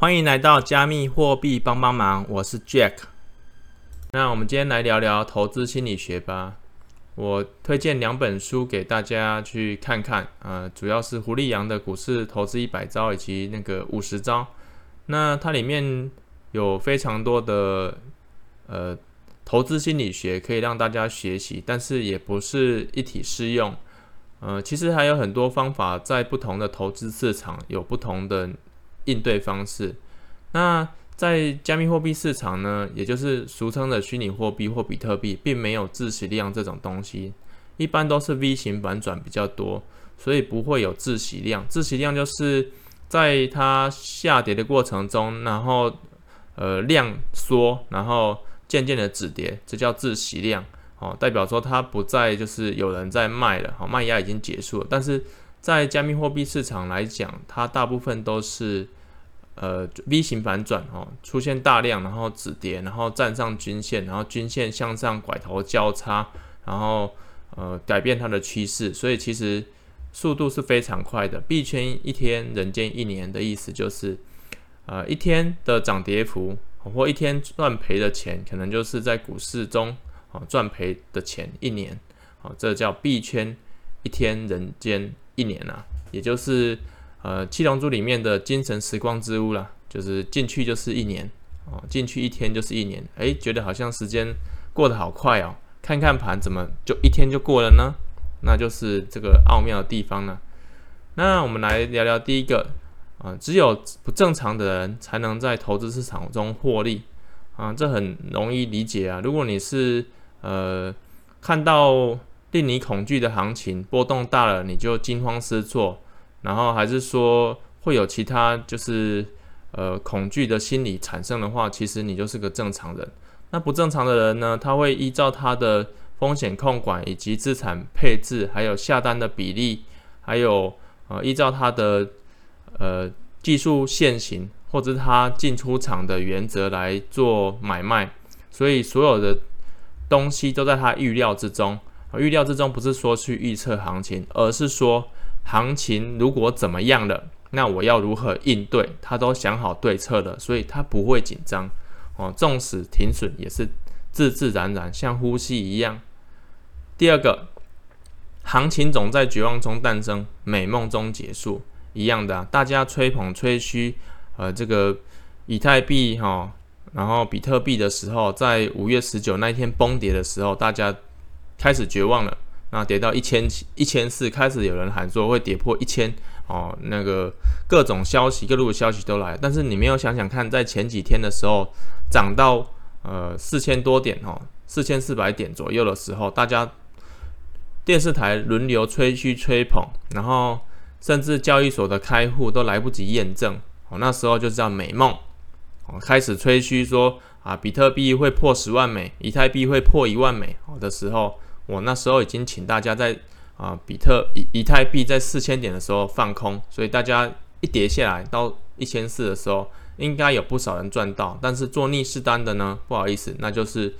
歡迎來到加密貨幣幫幫忙，我是 Jack。那我們今天來聊聊投資心理學吧。我推薦兩本書給大家去看看，呃，主要是胡立陽的《股市投資一百招》以及那個五十招。那它裡面有非常多的呃投資心理學可以讓大家學習，但是也不是一體適用。呃，其實還有很多方法在不同的投資市場有不同的。應對方式，那在加密貨幣市場呢，也就是俗稱的虛擬貨幣或比特幣，並沒有窒息量這種東西，一般都是 V 型反轉比較多，所以不會有窒息量。窒息量就是在它下跌的過程中，然後呃量縮，然後漸漸的止跌，這叫窒息量哦，代表說它不再就是有人在賣了，好、哦、賣壓已經結束了。但是在加密貨幣市場來講，它大部分都是。呃，V 型反轉哦，出現大量，然後止跌，然後站上均線，然後均線向上拐頭交叉，然後呃改變它的趨勢，所以其實速度是非常快的。幣圈一天人間一年的意思就是，呃一天的漲跌幅、哦、或一天賺賠的錢，可能就是在股市中哦賺賠的錢一年，哦這叫幣圈一天人間一年啊，也就是。呃，《七龍珠》裡面的精神時光之屋了，就是進去就是一年哦，進去一天就是一年，誒、欸，覺得好像時間過得好快哦。看看盤怎麼就一天就過了呢？那就是這個奧妙的地方呢。那我們來聊聊第一個啊、呃，只有不正常的人才能在投資市場中獲利啊、呃，這很容易理解啊。如果你是呃看到令你恐懼的行情波動大了，你就驚慌失措。然後還是說會有其他就是呃恐懼的心理產生的話，其實你就是個正常人。那不正常的人呢，他會依照他的風險控管以及資產配置，還有下單的比例，還有呃依照他的呃技術線型或者是他進出場的原則來做買賣。所以所有的東西都在他預料之中。預料之中不是說去預測行情，而是說，行情如果怎麼樣了，那我要如何應對？他都想好對策了，所以他不會緊張哦。縱使停損也是自自然然，像呼吸一樣。第二個，行情總在絕望中誕生，美夢中結束。一樣的、啊，大家吹捧吹噓，呃，這個以太幣哈、哦，然後比特幣的時候，在五月十九那天崩跌的時候，大家開始絕望了。那跌到一千七、一千四，開始有人喊說會跌破一千哦，那個各種消息、各路的消息都來，但是你沒有想想看，在前幾天的時候漲到呃四千多點哦，四千四百點左右的時候，大家電視台輪流吹噓吹捧，然後甚至交易所的開戶都來不及驗證哦，那時候就叫美夢哦，開始吹噓說啊，比特幣會破十萬美，以太幣會破一萬美，好、哦、的時候。我那時候已經請大家在啊、呃，比特以以太幣在四千點的時候放空，所以大家一跌下來到一千四的時候，應該有不少人賺到。但是做逆勢單的呢，不好意思，那就是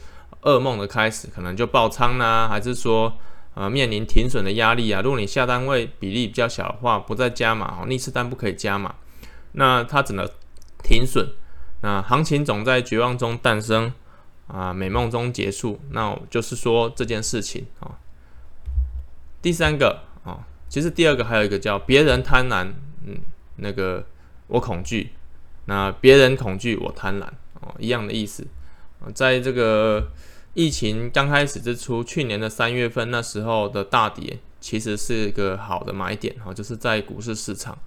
噩夢的開始，可能就爆倉呢、啊，還是說呃面臨停損的壓力啊。如果你下單位比例比較小的話，不再加碼、哦，逆勢單不可以加碼，那它只能停損。啊，行情總在絕望中誕生。啊，美夢中結束，那我就是說這件事情啊。第三個啊，其實第二個還有一個叫別人貪婪，嗯，那個我恐懼，那別人恐懼我貪婪，哦、啊，一樣的意思。啊，在這個疫情剛開始之初，去年的三月份那時候的大跌，其實是一個好的買點哈、啊，就是在股市市場，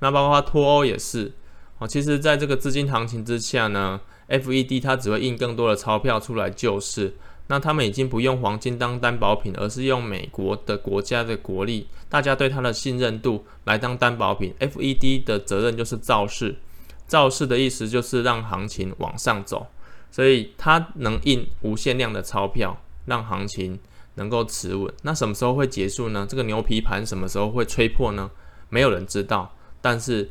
那包括脫歐也是，哦、啊，其實在這個資金行情之下呢。FED 它只會印更多的鈔票出來救市，那他們已經不用黃金當擔保品，而是用美國的國家的國力，大家對它的信任度來當擔保品。FED 的責任就是造勢，造勢的意思就是讓行情往上走，所以它能印無限量的鈔票，讓行情能夠持穩。那什麼時候會結束呢？這個牛皮盤什麼時候會吹破呢？沒有人知道，但是。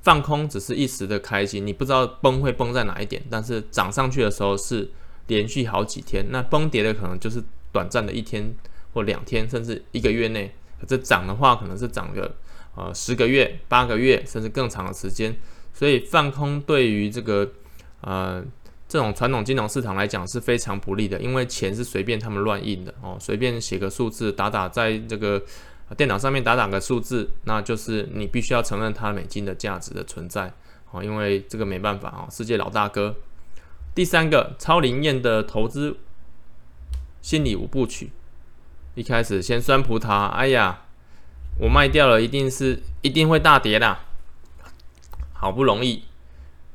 放空只是一時的開心，你不知道崩會崩在哪一點。但是漲上去的時候是連續好幾天，那崩跌的可能就是短暫的一天或兩天，甚至一個月內。這漲的話，可能是漲個呃十個月、八個月，甚至更長的時間。所以放空對於這個呃這種傳統金融市場來講是非常不利的，因為錢是隨便他們亂印的哦，隨便寫個數字打打在這個。電腦上面打兩個數字，那就是你必須要承認它美金的價值的存在啊、哦，因為這個沒辦法啊、哦，世界老大哥。第三個超靈驗的投資心理五步曲，一開始先酸葡萄，哎呀，我賣掉了，一定是一定會大跌的，好不容易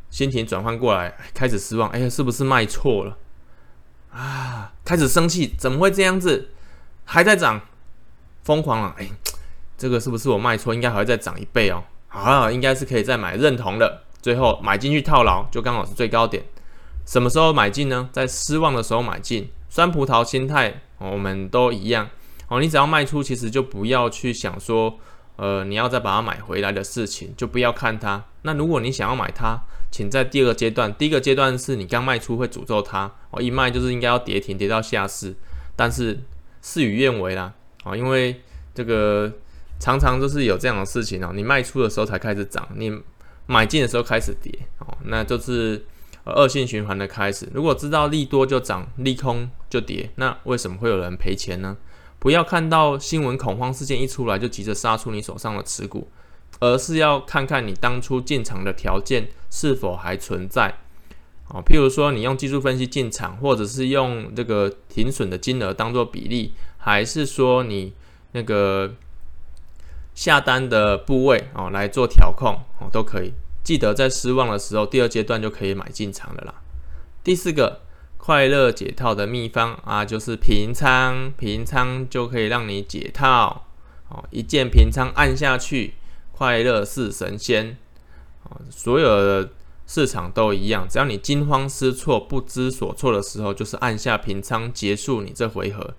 心情轉換過來，開始失望，哎呀，是不是賣錯了啊？開始生氣，怎麼會這樣子？還在漲。瘋狂了、啊，誒、哎，這個是不是我賣出應該還會再漲一倍哦。啊，應該是可以再買認同的。最後買進去套牢，就剛好是最高點。什麼時候買進呢？在失望的時候買進，酸葡萄心態、哦、我們都一樣哦。你只要賣出，其實就不要去想說，呃，你要再把它買回來的事情，就不要看它。那如果你想要買它，請在第二個階段，第一個階段是你剛賣出會詛咒它哦，一賣就是應該要跌停，跌到下市，但是事與願違啦。啊，因為這個常常都是有這樣的事情哦、啊。你賣出的時候才開始漲，你買進的時候開始跌哦，那就是惡性循環的開始。如果知道利多就漲，利空就跌，那為什麼會有人賠錢呢？不要看到新聞恐慌事件一出來就急着殺出你手上的持股，而是要看看你當初進場的條件是否還存在啊。譬如說，你用技術分析進場，或者是用這個停損的金額當做比例。還是說你那個下單的部位哦，來做調控哦，都可以。記得在失望的時候，第二階段就可以買進場了啦。第四個快樂解套的秘方啊，就是平倉，平倉就可以讓你解套哦。一鍵平倉按下去，快樂似神仙，哦，所有的市場都一樣，只要你驚慌失措、不知所措的時候，就是按下平倉結束你這回合。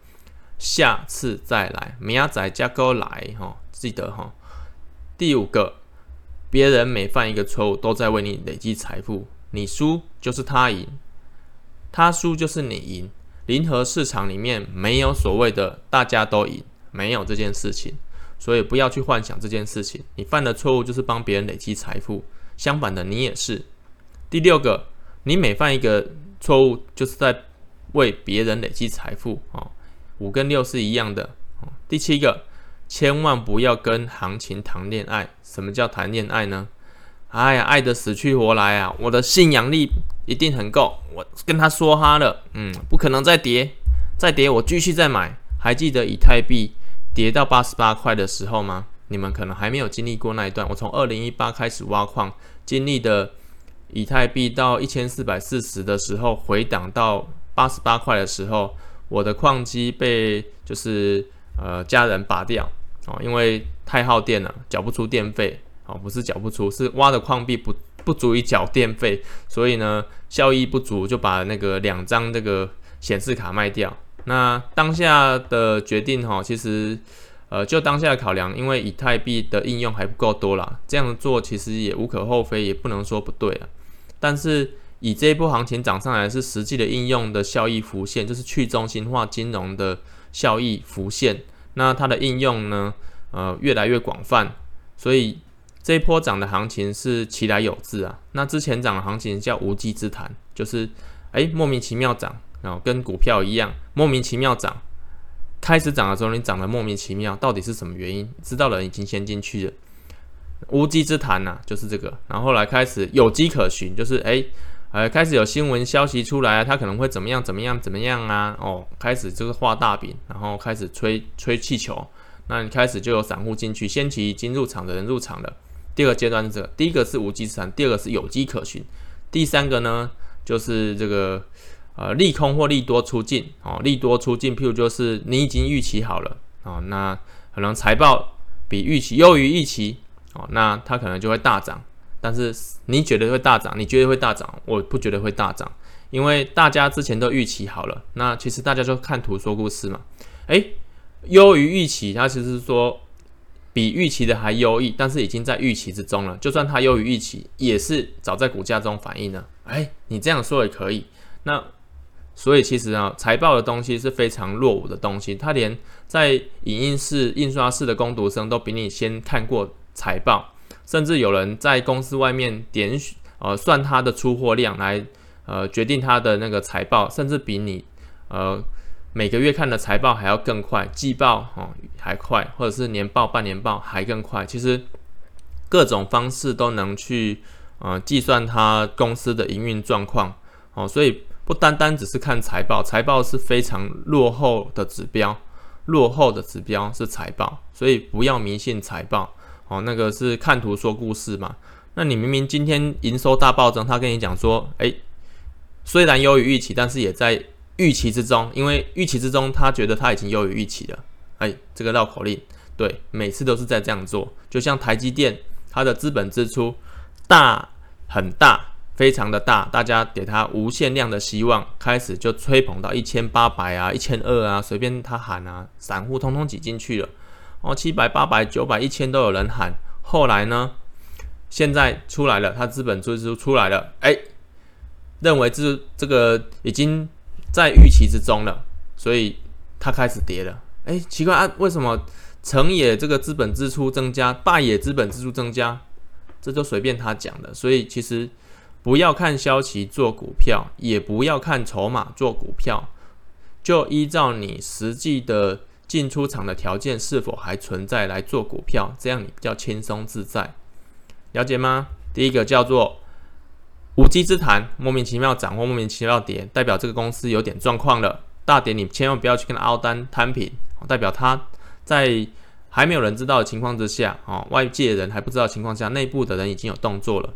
下次再來，明仔再哥來哈、哦，記得哈、哦。第五個，別人每犯一個錯誤，都在為你累積財富。你輸就是他贏，他輸就是你贏。零和市場裡面沒有所謂的大家都贏，沒有這件事情，所以不要去幻想這件事情。你犯的錯誤就是幫別人累積財富，相反的你也是。第六個，你每犯一個錯誤，就是在為別人累積財富哦。五跟六是一樣的、哦。第七個，千萬不要跟行情談戀愛。什麼叫談戀愛呢？哎呀，愛得死去活來啊！我的信仰力一定很夠。我跟他梭哈了，嗯，不可能再跌，再跌我繼續再買。還記得以太幣跌到八十八塊的時候嗎？你們可能還沒有經歷過那一段。我從二零一八開始挖礦，經歷的以太幣到一千四百四十的時候回檔到八十八塊的時候。我的礦機被就是呃家人拔掉哦，因為太耗電了，繳不出電費哦，不是繳不出，是挖的礦幣不不足以繳電費，所以呢效益不足，就把那個兩張這個顯示卡賣掉。那當下的決定哈、哦，其實呃就當下的考量，因為以太幣的應用還不夠多啦，這樣做其實也無可厚非，也不能說不對啊，但是。以這一波行情漲上來是實際的應用的效益浮現，就是去中心化金融的效益浮現。那它的應用呢，呃，越來越廣泛。所以這一波漲的行情是其來有致啊。那之前漲的行情叫無稽之談，就是誒、欸，莫名其妙漲，然後跟股票一樣莫名其妙漲。開始漲的時候你漲得莫名其妙，到底是什麼原因？知道的人已經先進去了。無稽之談吶、啊，就是這個。然後，後來開始有跡可循，就是誒。欸呃，開始有新聞消息出來，他可能會怎麼樣怎麼樣怎麼樣啊？哦，開始就是畫大餅，然後開始吹吹氣球，那你開始就有散戶進去，先期已經入場的人入場了。第二個階段是，這個，第一個是無稽之談，第二個是有跡可循，第三個呢就是這個呃利空或利多出盡啊，哦，利多出盡，譬如就是你已經預期好了啊，哦，那可能財報比預期優於預期哦，那它可能就會大漲。但是你覺得會大漲？你覺得會大漲？我不覺得會大漲，因為大家之前都預期好了。那其實大家就看圖說故事嘛。誒、欸，優於預期，它其實說比預期的還優異，但是已經在預期之中了。就算它優於預期，也是早在股價中反映的。誒、欸，你這樣說也可以。那所以其實啊，財報的東西是非常落伍的東西，它連在影印室、印刷室的工讀生都比你先看過財報。甚至有人在公司外面點，呃，算他的出貨量來，呃，決定他的那個財報，甚至比你，呃，每個月看的財報還要更快，季報哦還快，或者是年報、半年報還更快。其實各種方式都能去，呃，計算他公司的營運狀況哦。所以不單單只是看財報，財報是非常落後的指標，落後的指標是財報，所以不要迷信財報。哦，那個是看圖說故事嘛。那你明明今天營收大暴增，他跟你講說，哎，雖然優於預期，但是也在預期之中，因為預期之中他覺得他已經優於預期了。哎，這個繞口令，對，每次都是在這樣做。就像台積電，它的資本支出大很大，非常的大，大家給他無限量的希望，開始就吹捧到一千八百啊、一千二啊，隨便他喊啊，散戶通通擠進去了。哦，七百、八百、九百、一千都有人喊，後來呢？現在出來了，他資本支出出來了，哎、欸，認為這這個已經在預期之中了，所以他開始跌了，哎、欸，奇怪啊，為什麼成也這個資本支出增加，敗也資本支出增加？這就隨便他講的，所以其實不要看消息做股票，也不要看籌碼做股票，就依照你實際的。進出場的條件是否還存在來做股票？這樣你比較輕鬆自在，了解嗎？第一個叫做無稽之談，莫名其妙漲或莫名其妙跌，代表這個公司有點狀況了。大跌你千萬不要去跟他凹單攤平，代表他在還沒有人知道的情況之下啊，外界的人還不知道的情況下，內部的人已經有動作了。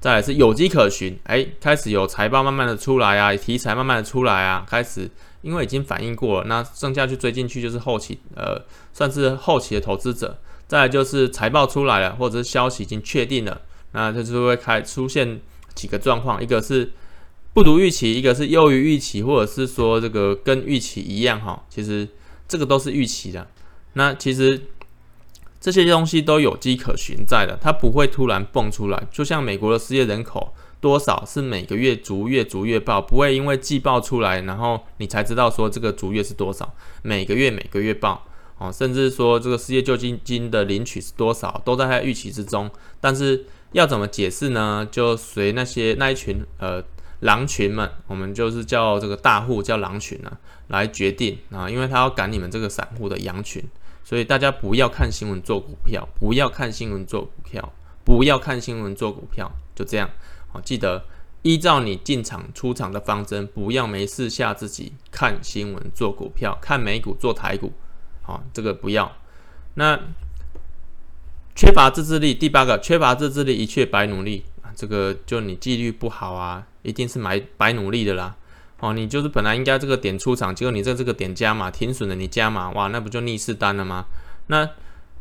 再來是有機可循，誒，開始有財報慢慢的出來啊，題材慢慢的出來啊，開始。因為已經反應過了，那剩下去追進去就是後期，呃，算是後期的投資者。再來就是財報出來了，或者是消息已經確定了，那就是會開出現幾個狀況：一個是不如預期，一個是優於預期，或者是說這個跟預期一樣哈。其實這個都是預期的。那其實這些東西都有跡可循在的，它不會突然蹦出來。就像美國的失業人口，多少是每個月逐月逐月報，不會，因為季報出來，然後你才知道說這個逐月是多少，每個月每個月報哦，甚至說這個失業救濟金的領取是多少，都在他預期之中。但是要怎麼解釋呢？就隨那些那一群呃狼群們，我們就是叫這個大戶叫狼群呢、啊、來決定啊，因為他要趕你們這個散戶的羊群，所以大家不要看新聞做股票，不要看新聞做股票，不要看新聞做股票，股票就這樣。好，記得依照你進場、出場的方針，不要沒事嚇自己看新聞做股票，看美股做台股，好、哦，這個不要。那缺乏自制力，第八個缺乏自制力，一切白努力。這個就你紀律不好啊，一定是買白努力的啦。哦，你就是本來應該這個點出場，結果你在、這個、這個點加碼停損了，你加碼，哇，那不就逆勢單了嗎？那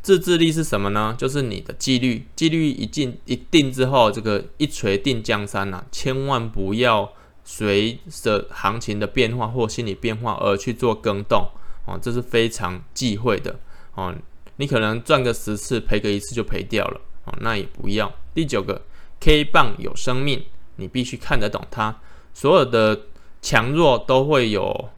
自制力是什麼呢？就是你的紀律，紀律一進一定之後這個一錘定江山吶啊，千萬不要隨着行情的變化或心理變化而去做更動哦。這是非常忌諱的哦。你可能賺個十次，賠個一次就賠掉了哦。那也不要。第九個，K 棒有生命，你必須看得懂它，所有的強弱都會有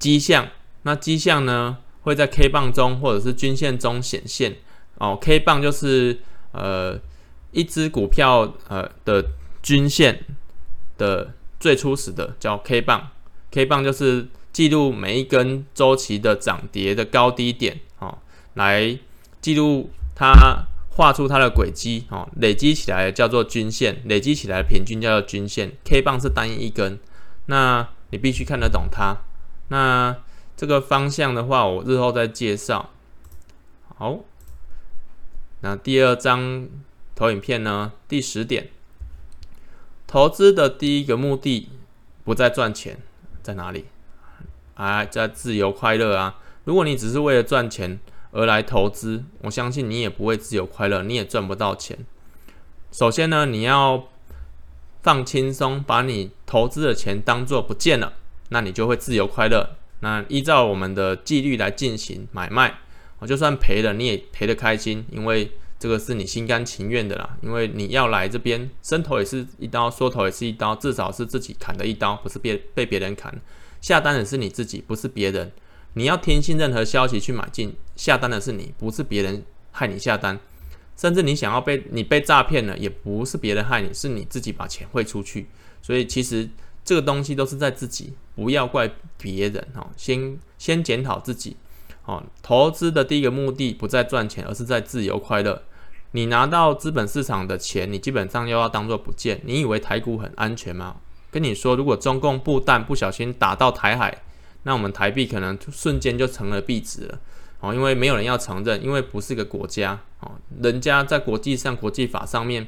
跡象，那跡象呢？會在 K 棒中，或者是均線中顯現哦。K 棒就是呃一支股票呃的均線的最初始的叫 K 棒，K 棒就是記錄每一根周期的漲跌的高低點哦。來記錄它，畫出它的軌跡哦，累積起來叫做均線，累積起來平均叫做均線。K 棒是單一一根，那你必須看得懂它，那。這個方向的話，我日後再介紹。好，那第二張投影片呢？第十點，投資的第一個目的不在賺錢，在哪裡？哎、啊，在自由快樂啊！如果你只是為了賺錢而來投資，我相信你也不會自由快樂，你也賺不到錢。首先呢，你要放輕鬆，把你投資的錢當做不見了，那你就會自由快樂。那依照我們的紀律來進行買賣，我就算賠了，你也賠得開心，因為這個是你心甘情願的啦。因為你要來這邊，伸頭也是一刀，縮頭也是一刀，至少是自己砍的一刀，不是被被別人砍。下單的是你自己，不是別人。你要聽信任何消息去買進，下單的是你，不是別人害你下單。甚至你想要被你被詐騙了，也不是別人害你是，是你自己把錢匯出去。所以其實。這個東西都是在自己，不要怪別人哦，先先檢討自己哦。投資的第一個目的不在賺錢，而是在自由快樂。你拿到資本市場的錢，你基本上又要當做不見。你以為台股很安全嗎？跟你說，如果中共不但不小心打到台海，那我們台幣可能瞬間就成了廢紙了哦。因為沒有人要承認，因為不是個國家哦。人家在國際上、國際法上面，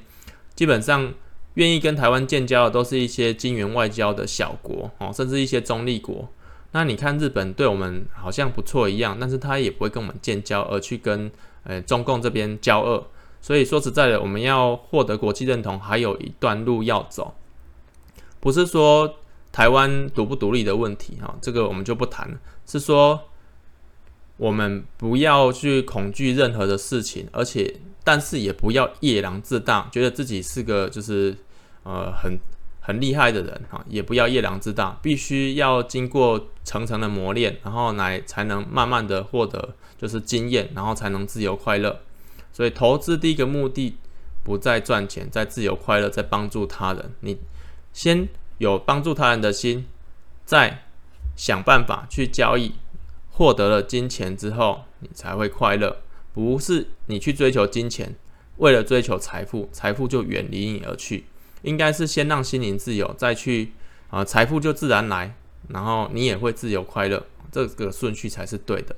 基本上。願意跟台灣建交的都是一些金元外交的小國哦，甚至一些中立國。那你看日本對我們好像不錯一樣，但是他也不會跟我們建交，而去跟呃、欸、中共這邊交惡。所以說實在的，我們要獲得國際認同，還有一段路要走。不是說台灣獨不獨立的問題哈，這個我們就不談了，是說我們不要去恐懼任何的事情，而且。但是也不要夜郎自大，覺得自己是個就是呃很很厲害的人哈，也不要夜郎自大，必須要經過層層的磨練，然後來才能慢慢的獲得就是經驗，然後才能自由快樂。所以投資第一個目的不在賺錢，在自由快樂，在幫助他人。你先有幫助他人的心，再想辦法去交易，獲得了金錢之後，你才會快樂。不是你去追求金錢，為了追求財富，財富就遠離你而去。應該是先讓心靈自由，再去啊，呃，財富就自然來，然後你也會自由快樂。這個順序才是對的。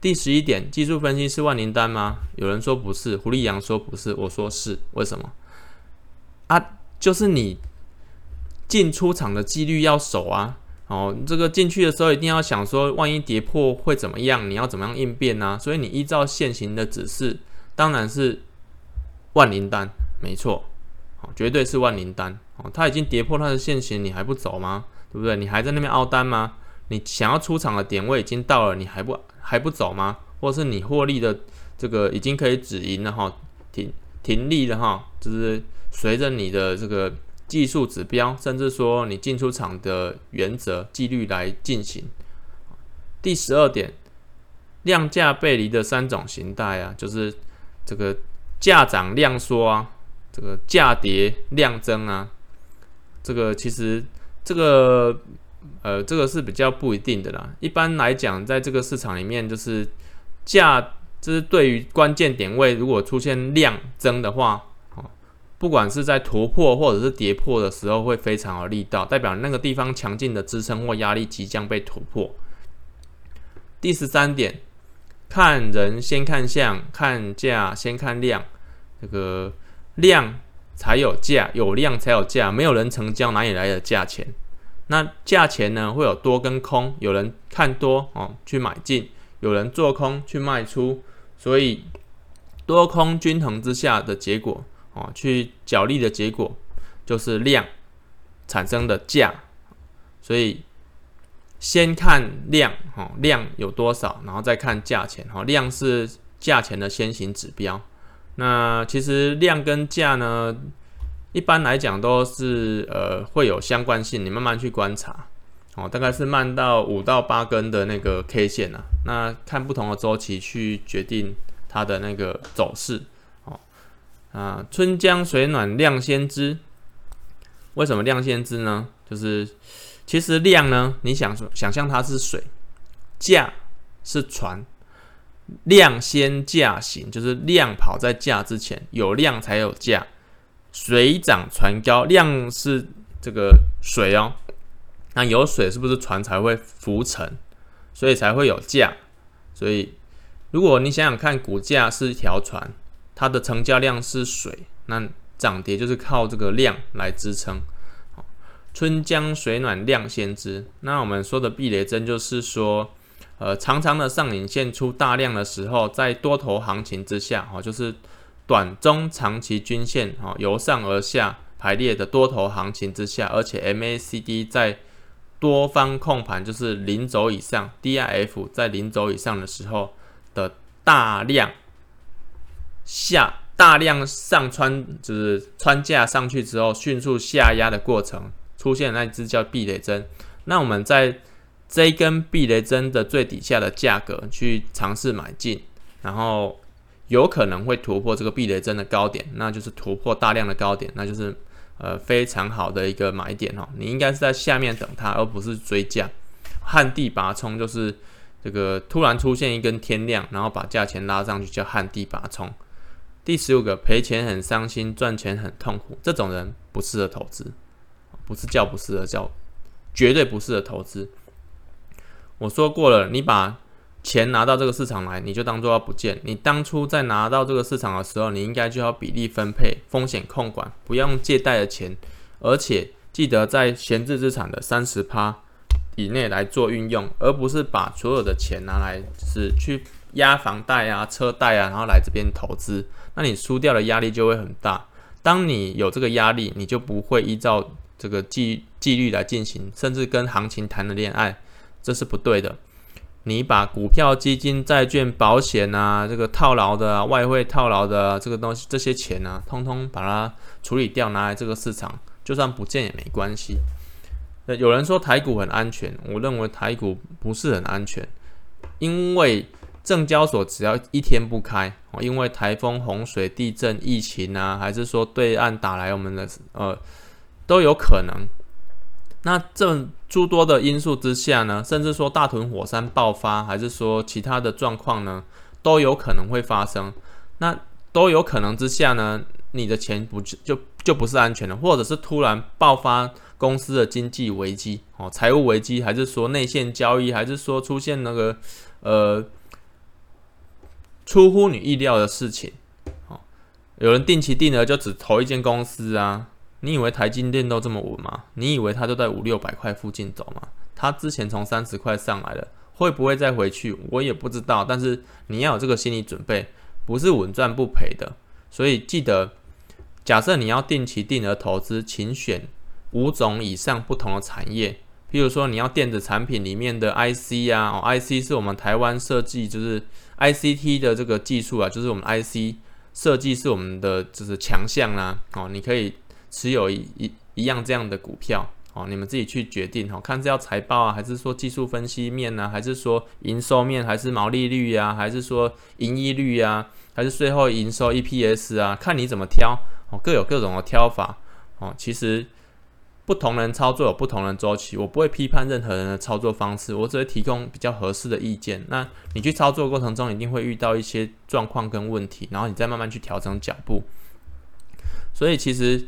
第十一點，技術分析是萬靈丹嗎？有人說不是，胡立陽說不是，我說是，為什麼？啊，就是你進出場的紀律要守啊。哦，這個進去的時候一定要想說，萬一跌破會怎麼樣？你要怎麼樣應變呢、啊？所以你依照現行的指示，當然是萬靈丹，沒錯，好、哦，絕對是萬靈丹。哦，它已經跌破它的現行，你還不走嗎？對不對？你還在那邊凹單嗎？你想要出場的點位已經到了，你還不還不走嗎？或是你獲利的這個已經可以止盈了哈，停停利了哈，就是隨着你的這個。技術指標，甚至說你進出場的原則紀律來進行。第十二點，量價背離的三種形態啊，就是這個價漲量縮啊，這個價跌量增啊，這個其實這個呃，這個是比較不一定的啦。一般來講，在這個市場裡面，就是價，就是對於關鍵點位，如果出現量增的話，不管是在突破或者是跌破的時候，會非常有力道，代表那個地方強勁的支撐或壓力即將被突破。第十三點，看人先看相，看價先看量，這個量才有價，有量才有價，沒有人成交，哪裡來的價錢？那價錢呢？會有多跟空，有人看多哦，去買進，有人做空去賣出，所以多空均衡之下的結果。哦，去角力的結果就是量產生的價，所以先看量，哦、喔，量有多少，然後再看價錢，哦、喔，量是價錢的先行指標。那其實量跟價呢，一般來講都是呃會有相關性，你慢慢去觀察，哦、喔，大概是慢到五到八根的那個 K 線啊，那看不同的周期去決定它的那個走勢。啊，春江水暖，量先知。為什麼量先知呢？就是其實量呢，你想想象它是水，價是船，量先價行，就是量跑在價之前，有量才有價。水漲船高，量是這個水哦。那有水是不是船才會浮沉？所以才會有價。所以如果你想想看，股價是一條船。它的成交量是水，那漲跌就是靠這個量來支撐。春江水暖，量先知。那我們說的避雷針，就是說，呃，長長的上影線出大量的時候，在多頭行情之下，哈、哦，就是短中長期均線啊、哦、由上而下排列的多頭行情之下，而且 MACD 在多方控盤，就是零軸以上，DIF 在零軸以上的時候的大量。下大量上穿就是穿價上去之後，迅速下壓的過程，出現那支叫避雷針。那我們在這一根避雷針的最底下的價格去嘗試買進，然後有可能會突破這個避雷針的高點，那就是突破大量的高點，那就是呃非常好的一個買點哈，你應該是在下面等它，而不是追價。旱地拔蔥就是這個突然出現一根天量，然後把價錢拉上去叫旱地拔蔥。第十五個賠錢很傷心，賺錢很痛苦，這種人不適合投資，不是叫不適合，叫絕對不適合投資。我說過了，你把錢拿到這個市場來，你就當做它不見。你當初在拿到這個市場的時候，你應該就要比例分配、風險控管，不要用借貸的錢，而且記得在閒置資產的三十趴以內來做運用，而不是把所有的錢拿來，就是去壓房貸啊、車貸啊，然後來這邊投資。那你輸掉的壓力就會很大。當你有這個壓力，你就不會依照這個紀紀律來進行，甚至跟行情談了戀愛，這是不對的。你把股票、基金、債券、保險啊，這個套牢的、外匯套牢的這個東西，這些錢啊，通通把它處理掉，拿來這個市場，就算不見也沒關係。有人說台股很安全，我認為台股不是很安全，因為。證交所只要一天不開，因為台風、洪水、地震、疫情啊，還是說對岸打來我們的呃都有可能。那這諸多的因素之下呢，甚至說大屯火山爆發，還是說其他的狀況呢，都有可能會發生。那都有可能之下呢，你的錢不就就，就不是安全的，或者是突然爆發公司的經濟危機哦，財務危機，還是說內線交易，還是說出現那個呃。出乎你意料的事情，哦，有人定期定額就只投一間公司啊？你以為台積電都這麼穩嗎？你以為它都在五六百塊附近走嗎？它之前從三十塊上來了，會不會再回去？我也不知道。但是你要有這個心理準備，不是穩賺不賠的。所以記得，假設你要定期定額投資，請選五種以上不同的產業，譬如說你要電子產品裡面的 IC 啊，IC 是我們台灣設計，就是。I C T 的這個技術啊，就是我們 I C 設計是我們的就是強項啦，哦，你可以持有一一樣這樣的股票，哦，你們自己去決定哦，看是要財報啊，還是說技術分析面呢、啊，還是說營收面，還是毛利率呀、啊，還是說盈利率呀、啊，還是最後營收 E P S 啊，看你怎麼挑，哦，各有各種的挑法，哦，其實。不同人操作有不同的週期，我不會批判任何人的操作方式，我只會提供比較合適的意見。那你去操作的過程中，一定會遇到一些狀況跟問題，然後你再慢慢去調整腳步。所以其實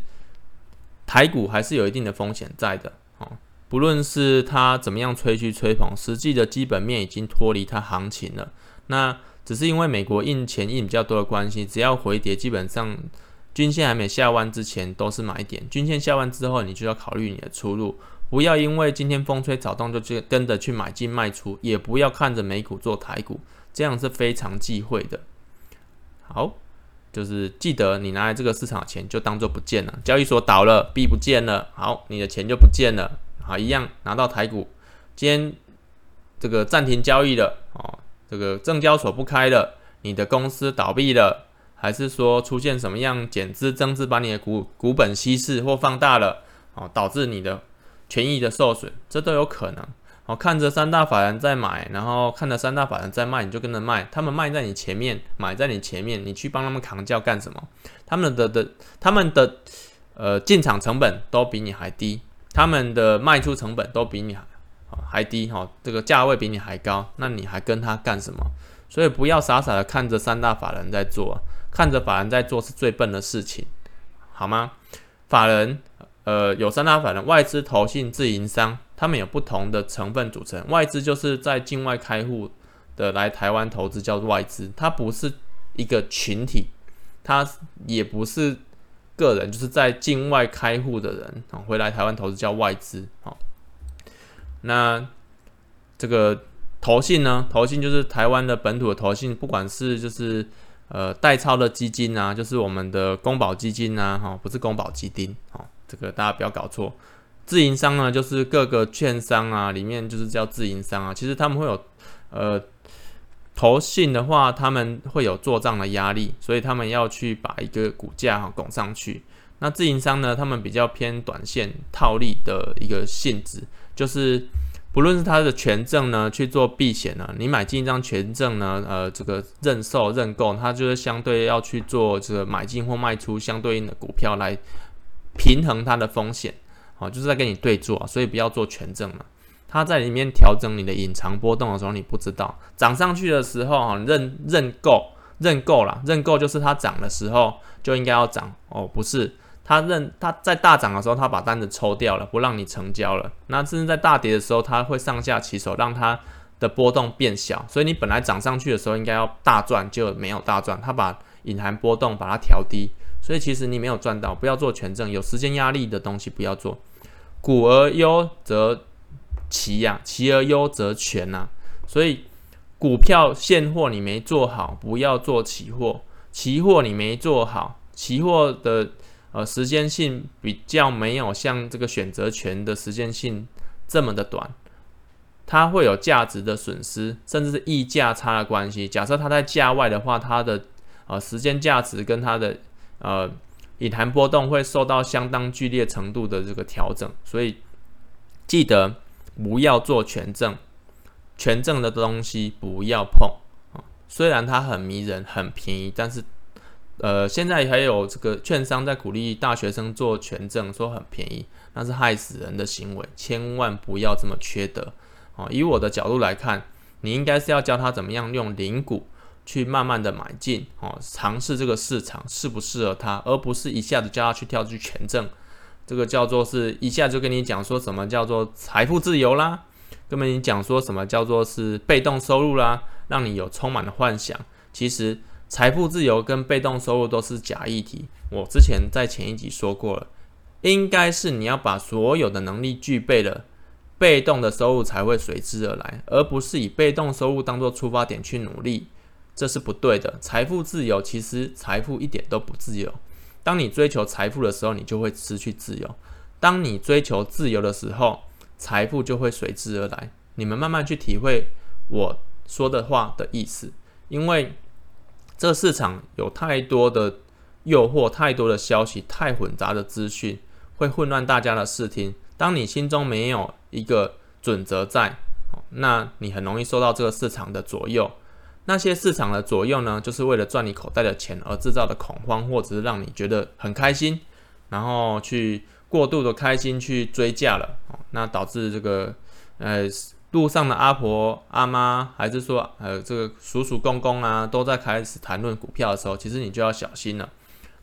台股還是有一定的風險在的哦，不論是他怎麼樣吹噓吹捧，實際的基本面已經脫離它行情了。那只是因為美國印錢印比較多的關係，只要回跌，基本上。均線還沒下彎之前，都是買一點；均線下彎之後，你就要考慮你的出路。不要因為今天風吹草動就去跟着去買進賣出，也不要看着美股做台股，這樣是非常忌諱的。好，就是記得你拿來這個市場的錢就當做不見了。交易所倒了，幣不見了，好，你的錢就不見了。好，一樣拿到台股，今天這個暫停交易了。哦，這個證交所不開了，你的公司倒閉了。還是說出現什麼樣減資增資，把你的股股本稀釋或放大了，哦，導致你的權益的受損，這都有可能。哦，看着三大法人在買，然後看着三大法人在賣，你就跟着賣，他們賣在你前面，買在你前面，你去幫他們扛轎幹什麼？他們的的他們的呃進場成本都比你還低，他們的賣出成本都比你還還低哈，這個價位比你還高，那你還跟他幹什麼？所以不要傻傻的看着三大法人在做。看着法人在做是最笨的事情，好嗎？法人，呃，有三大法人：外資、投信、自營商。他們有不同的成分組成。外資就是在境外開戶的來台灣投資叫外資，它不是一個群體，它也不是個人，就是在境外開戶的人，哦，回來台灣投資叫外資。好，哦，那這個投信呢？投信就是台灣的本土的投信，不管是就是。呃，代操的基金啊，就是我們的公保基金啊，哈、哦，不是公保基金，哈、哦，這個大家不要搞錯。自營商呢，就是各個券商啊，裡面就是叫自營商啊，其實他們會有，呃，投信的話，他們會有做賬的壓力，所以他們要去把一個股價哈、哦、拱上去。那自營商呢，他們比較偏短線套利的一個性質，就是。不論是它的權證呢去做避險呢、啊，你買進一張權證呢，呃，這個認售、認購，它就是相對要去做這個買進或賣出相對應的股票來平衡它的風險，好、啊，就是在跟你對做、啊，所以不要做權證嘛、啊。它在裡面調整你的隱藏波動的時候，你不知道漲上去的時候啊，認認購、認購了，認購就是它漲的時候就應該要漲，哦，不是。他認他在大漲的時候，他把單子抽掉了，不讓你成交了。那甚至在大跌的時候，他會上下其手，讓它的波動變小。所以你本來漲上去的時候應該要大賺，就沒有大賺。他把隱含波動把它調低，所以其實你沒有賺到。不要做權證，有時間壓力的東西不要做。股而優則期呀，期而優則權吶。所以股票現貨你沒做好，不要做期貨。期貨你沒做好，期貨的。呃，時間性比較沒有像這個選擇權的時間性這麼的短，它會有價值的損失，甚至是溢價差的關係。假設它在價外的話，它的呃時間價值跟它的呃隱含波動會受到相當劇烈程度的這個調整。所以記得不要做權證，權證的東西不要碰啊，雖然它很迷人、很便宜，但是。呃，現在還有這個券商在鼓勵大學生做權證，說很便宜，那是害死人的行為，千萬不要這麼缺德哦。以我的角度來看，你應該是要教他怎麼樣用零股去慢慢的買進哦，嘗試這個市場適不適合他，而不是一下子叫他去跳出權證，這個叫做是一下就跟你講說什麼叫做財富自由啦，跟你講說什麼叫做是被動收入啦，讓你有充滿了幻想，其實。財富自由跟被動收入都是假議題。我之前在前一集說過了，應該是你要把所有的能力具備了，被動的收入才會隨之而來，而不是以被動收入當做出發點去努力，這是不對的。財富自由其實財富一點都不自由。當你追求財富的時候，你就會失去自由；當你追求自由的時候，財富就會隨之而來。你們慢慢去體會我說的話的意思，因為……這市場有太多的誘惑，太多的消息，太混雜的資訊，會混亂大家的視聽。當你心中沒有一個準則在，那你很容易受到這個市場的左右。那些市場的左右呢，就是為了賺你口袋的錢而制造的恐慌，或者是讓你覺得很開心，然後去過度的開心去追價了，那導致這個呃。路上的阿婆阿媽，還是說呃，這個叔叔公公啊，都在開始談論股票的時候，其實你就要小心了，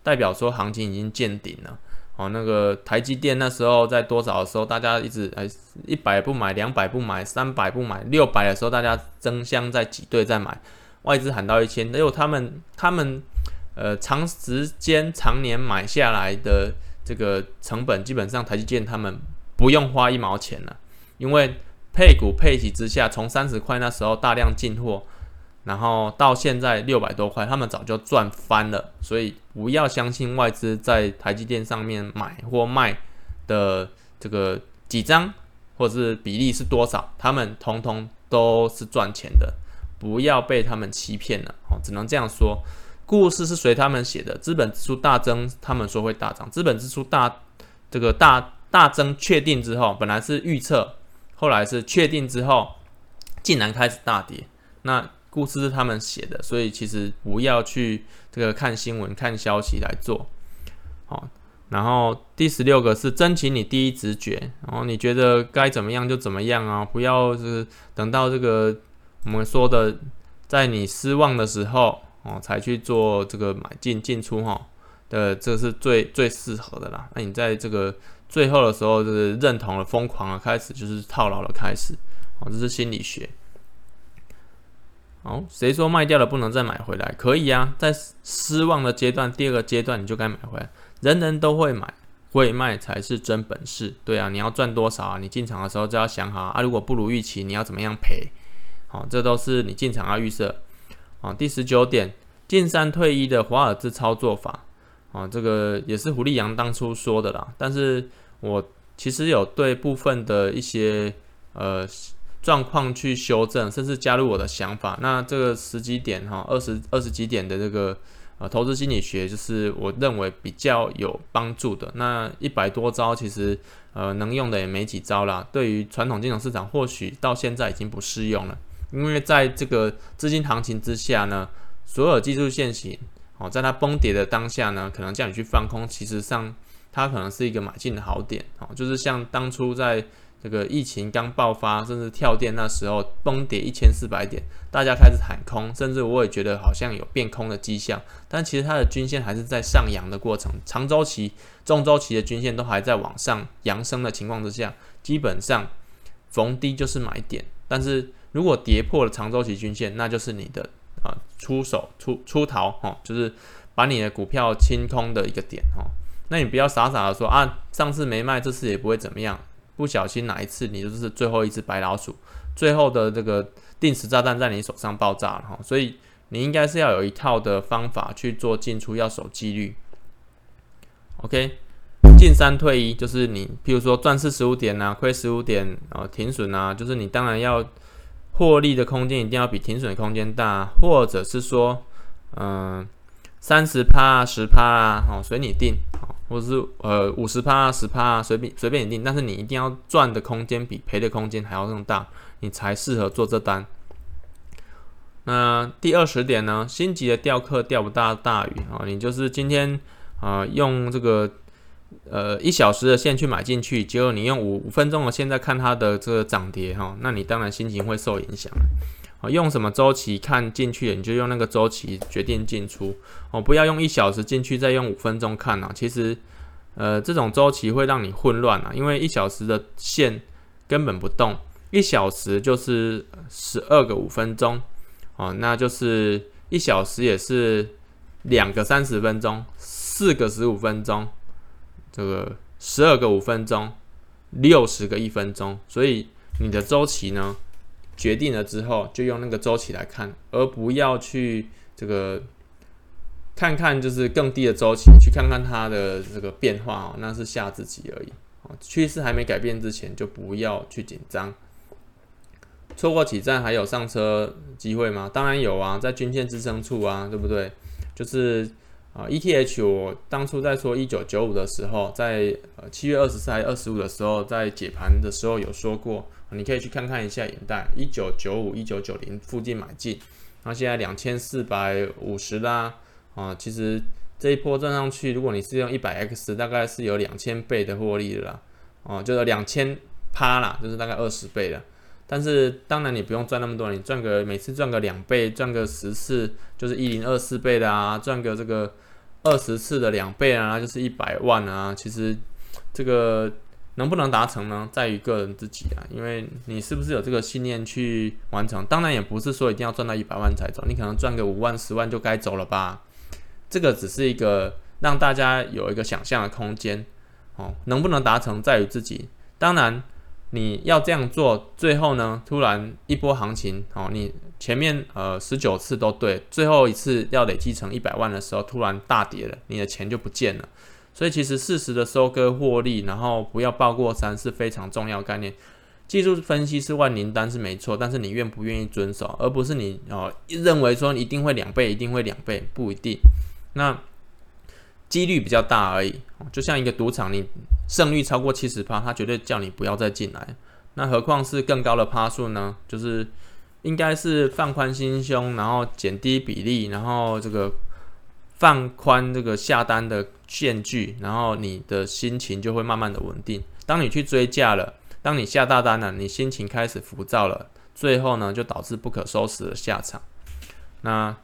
代表說行情已經見頂了哦。那個台積電那時候在多少的時候，大家一直呃一百不買，兩百不買，三百不買，六百的時候大家爭相在擠兌在買，外資喊到一千，因為他們他們呃長時間常年買下來的這個成本，基本上台積電他們不用花一毛錢了，因為。配股配息之下，從三十塊那時候大量進貨，然後到現在六百多塊，他們早就賺翻了。所以不要相信外資在台積電上面買或賣的這個幾張或者是比例是多少，他們通通都是賺錢的，不要被他們欺騙了哦。只能這樣說，故事是隨他們寫的。資本支出大增，他們說會大漲。資本支出大，這個大大增確定之後，本來是預測。後來是確定之後，竟然開始大跌。那故事是他們寫的，所以其實不要去這個看新聞、看消息來做。好、哦，然後第十六個是爭取你第一直覺，然後你覺得該怎麼樣就怎麼樣啊，不要是等到這個我們說的在你失望的時候哦才去做這個買進進出哈、哦、的，這是最最適合的啦。那、啊、你在這個。最後的時候就是認同了，瘋狂了，開始就是套牢了，開始，哦，這是心理學。好，誰說賣掉了不能再買回來？可以啊，在失望的階段，第二個階段你就該買回來。人人都會買，會賣才是真本事。對啊，你要賺多少啊？你進場的時候就要想好啊，如果不如預期，你要怎麼樣賠？好，這都是你進場要預設。好，第十九點，進三退一的華爾茲操作法。啊，這個也是胡立陽當初說的啦，但是我其實有對部分的一些呃狀況去修正，甚至加入我的想法。那這個十幾點哈，二十二十幾點的這個呃投資心理學，就是我認為比較有幫助的。那一百多招其實呃能用的也沒幾招啦，對於傳統金融市場或許到現在已經不適用了，因為在這個資金行情之下呢，所有技術現行。哦，在它崩跌的當下呢，可能叫你去放空，其實上它可能是一個買進的好點哦。就是像當初在這個疫情剛爆發，甚至跳電那時候崩跌一千四百點，大家開始喊空，甚至我也覺得好像有變空的跡象。但其實它的均線還是在上揚的過程，長周期、中周期的均線都還在往上揚升的情況之下，基本上逢低就是買點。但是如果跌破了長周期均線，那就是你的。啊，出手出出逃哈，就是把你的股票清空的一個點哈。那你不要傻傻的說啊，上次沒賣，這次也不會怎麼樣。不小心哪一次你就是最後一只白老鼠，最後的這個定時炸彈在你手上爆炸了哈。所以你應該是要有一套的方法去做進出，要守紀律。OK，進三退一，就是你，譬如說賺四十五點啊，虧十五點啊，停損啊，就是你當然要。獲利的空間一定要比停損空間大，或者是說，嗯、呃，三十趴啊，十趴啊，好、哦，隨你定，好，或者是呃五十趴啊，十趴啊，隨便隨便你定，但是你一定要賺的空間比賠的空間還要更大，你才適合做這單。那第二十點呢，心急的釣客釣不到大魚啊、哦，你就是今天啊、呃、用這個。呃，一小時的線去買進去，結果你用五五分鐘的線在看它的這個漲跌哈，哦，那你當然心情會受影響。哦，用什麼周期看進去，你就用那個周期決定進出。哦，不要用一小時進去，再用五分鐘看啊。其實，呃，這種周期會讓你混亂啊，因為一小時的線根本不動，一小時就是十二個五分鐘，哦，那就是一小時也是兩個三十分鐘，四個十五分鐘。這個十二個五分鐘，六十個一分鐘，所以你的周期呢決定了之後，就用那個周期來看，而不要去這個看看就是更低的周期，去看看它的這個變化哦、喔，那是嚇自己而已。趨勢還沒改變之前，就不要去緊張。錯過起站還有上車機會嗎？當然有啊，在均線支撐處啊，對不對？就是。啊，ETH，我當初在說一九九五的時候，在呃七月二十四還二十五的時候，在解盤的時候有說過、啊，你可以去看看一下代，眼袋一九九五、一九九零附近買進，那、啊、現在兩千四百五十啦，啊，其實這一波漲上去，如果你是用一百 X，大概是有兩千倍的獲利的啦，哦、啊，就是兩千趴啦，就是大概二十倍了。但是當然你不用賺那麼多，你賺個每次賺個兩倍，賺個十次就是一零二四倍的啊，賺個這個二十次的兩倍啊，就是一百萬啊。其實這個能不能達成呢，在於個人自己啊，因為你是不是有這個信念去完成？當然也不是說一定要賺到一百萬才走，你可能賺個五萬、十萬就該走了吧。這個只是一個讓大家有一個想象的空間哦，能不能達成在於自己，當然。你要這樣做，最後呢，突然一波行情好，哦，你前面呃十九次都對，最後一次要累積成一百萬的時候，突然大跌了，你的錢就不見了。所以其實適時的收割獲利，然後不要抱過山，是非常重要概念。技術分析是萬靈丹是沒錯，但是你願不願意遵守，而不是你哦、呃、認為說一定會兩倍，一定會兩倍，不一定。那。幾率比較大而已，就像一個賭場，你勝率超過七十趴，他絕對叫你不要再進來。那何況是更高的趴數呢？就是應該是放寬心胸，然後減低比例，然後這個放寬這個下單的間距，然後你的心情就會慢慢的穩定。當你去追價了，當你下大單了，你心情開始浮躁了，最後呢就導致不可收拾的下場。那。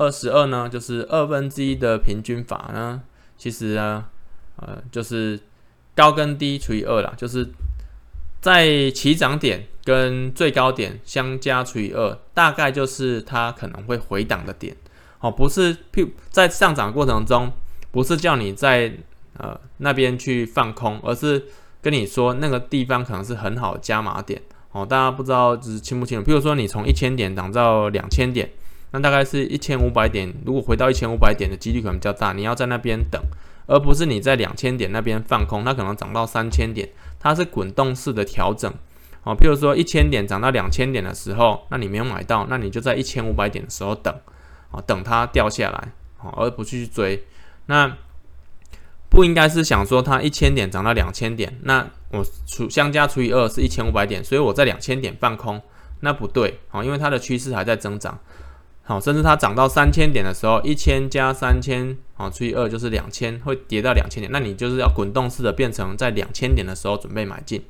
二十二呢，就是二分之一的平均法呢，其實啊，呃，就是高跟低除以二啦，就是在起漲點跟最高點相加除以二，大概就是它可能會回檔的點哦，不是譬在上漲過程中，不是叫你在呃那邊去放空，而是跟你說那個地方可能是很好的加碼點哦，大家不知道就是清不清楚？譬如說你從一千點漲到兩千點。那大概是一千五百點，如果回到一千五百點的幾率可能比較大，你要在那邊等，而不是你在兩千點那邊放空，那可能漲到三千點，它是滾動式的調整，哦，譬如說一千點漲到兩千點的時候，那你沒有買到，那你就在一千五百點的時候等，哦，等它掉下來，哦，而不去追，那不應該是想說它一千點漲到兩千點，那我除相加除以二是一千五百點，所以我在兩千點放空，那不對，哦，因為它的趨勢還在增長。甚至它漲到三千點的時候，一千加三千，哦，除以二就是兩千，會跌到兩千點。那你就是要滾動式的變成在兩千點的時候準備買進，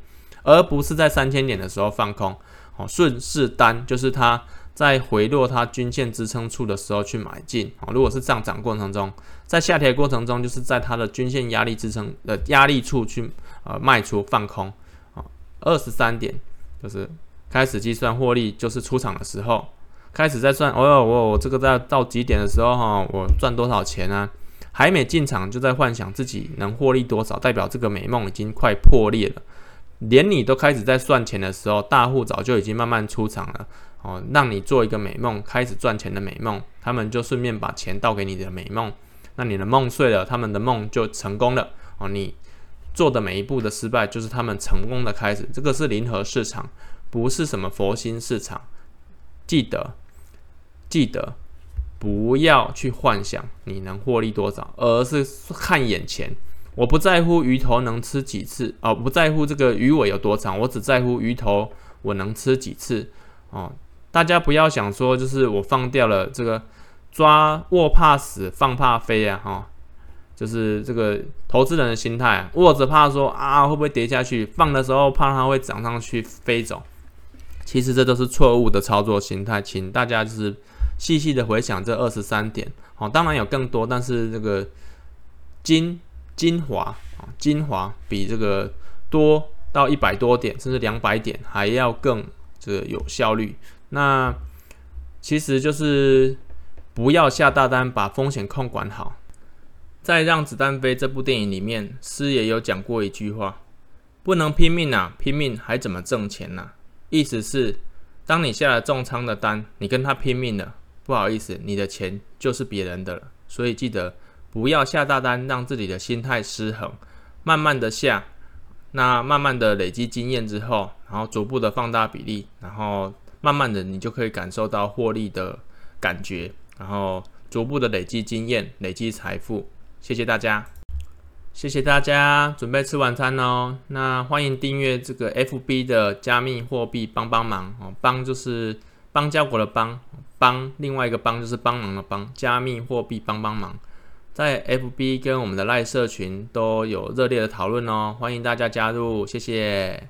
而不是在三千點的時候放空。哦，順勢單就是它在回落它均線支撐處的時候去買進。哦，如果是上漲過程中，在下跌過程中，就是在它的均線壓力支撐的、呃、壓力處去呃賣出放空。哦，二十三點就是開始計算獲利，就是出場的時候。開始在算，哦喲、哦哦，我我這個到到幾點的時候哈，我賺多少錢啊？還沒進場就在幻想自己能獲利多少，代表這個美夢已經快破裂了。連你都開始在算錢的時候，大戶早就已經慢慢出場了哦，讓你做一個美夢，開始賺錢的美夢，他們就順便把錢倒給你的美夢。那你的夢碎了，他們的夢就成功了哦。你做的每一步的失敗，就是他們成功的開始。這個是零和市場，不是什麼佛心市場。記得，記得，不要去幻想你能獲利多少，而是看眼前。我不在乎魚頭能吃幾次哦，不在乎這個魚尾有多長，我只在乎魚頭我能吃幾次哦。大家不要想說，就是我放掉了這個，抓握怕死，放怕飛啊，哈、哦，就是這個投資人的心態，握着怕說啊會不會跌下去，放的時候怕它會漲上去飛走。其實這都是錯誤的操作形態，請大家就是細細的回想這二十三點哦，當然有更多，但是這個精、精華啊、哦、精華比這個多到一百多點，甚至兩百點還要更這個有效率。那其實就是不要下大單，把風險控管好。在《讓子彈飛》這部電影裡面，師爺有講過一句話：“不能拼命啊，拼命還怎麼掙錢吶、啊？意思是，當你下了重倉的單，你跟他拼命了，不好意思，你的錢就是別人的了。所以記得不要下大單，讓自己的心態失衡，慢慢的下，那慢慢的累積經驗之後，然後逐步的放大比例，然後慢慢的你就可以感受到獲利的感覺，然後逐步的累積經驗，累積財富。謝謝大家。謝謝大家，準備吃晚餐哦。那歡迎訂閱這個 FB 的加密貨幣幫幫忙哦，幫就是幫交國的幫，幫另外一個幫就是幫忙的幫，加密貨幣幫幫忙，在 FB 跟我們的賴社群都有熱烈的討論哦，歡迎大家加入，謝謝。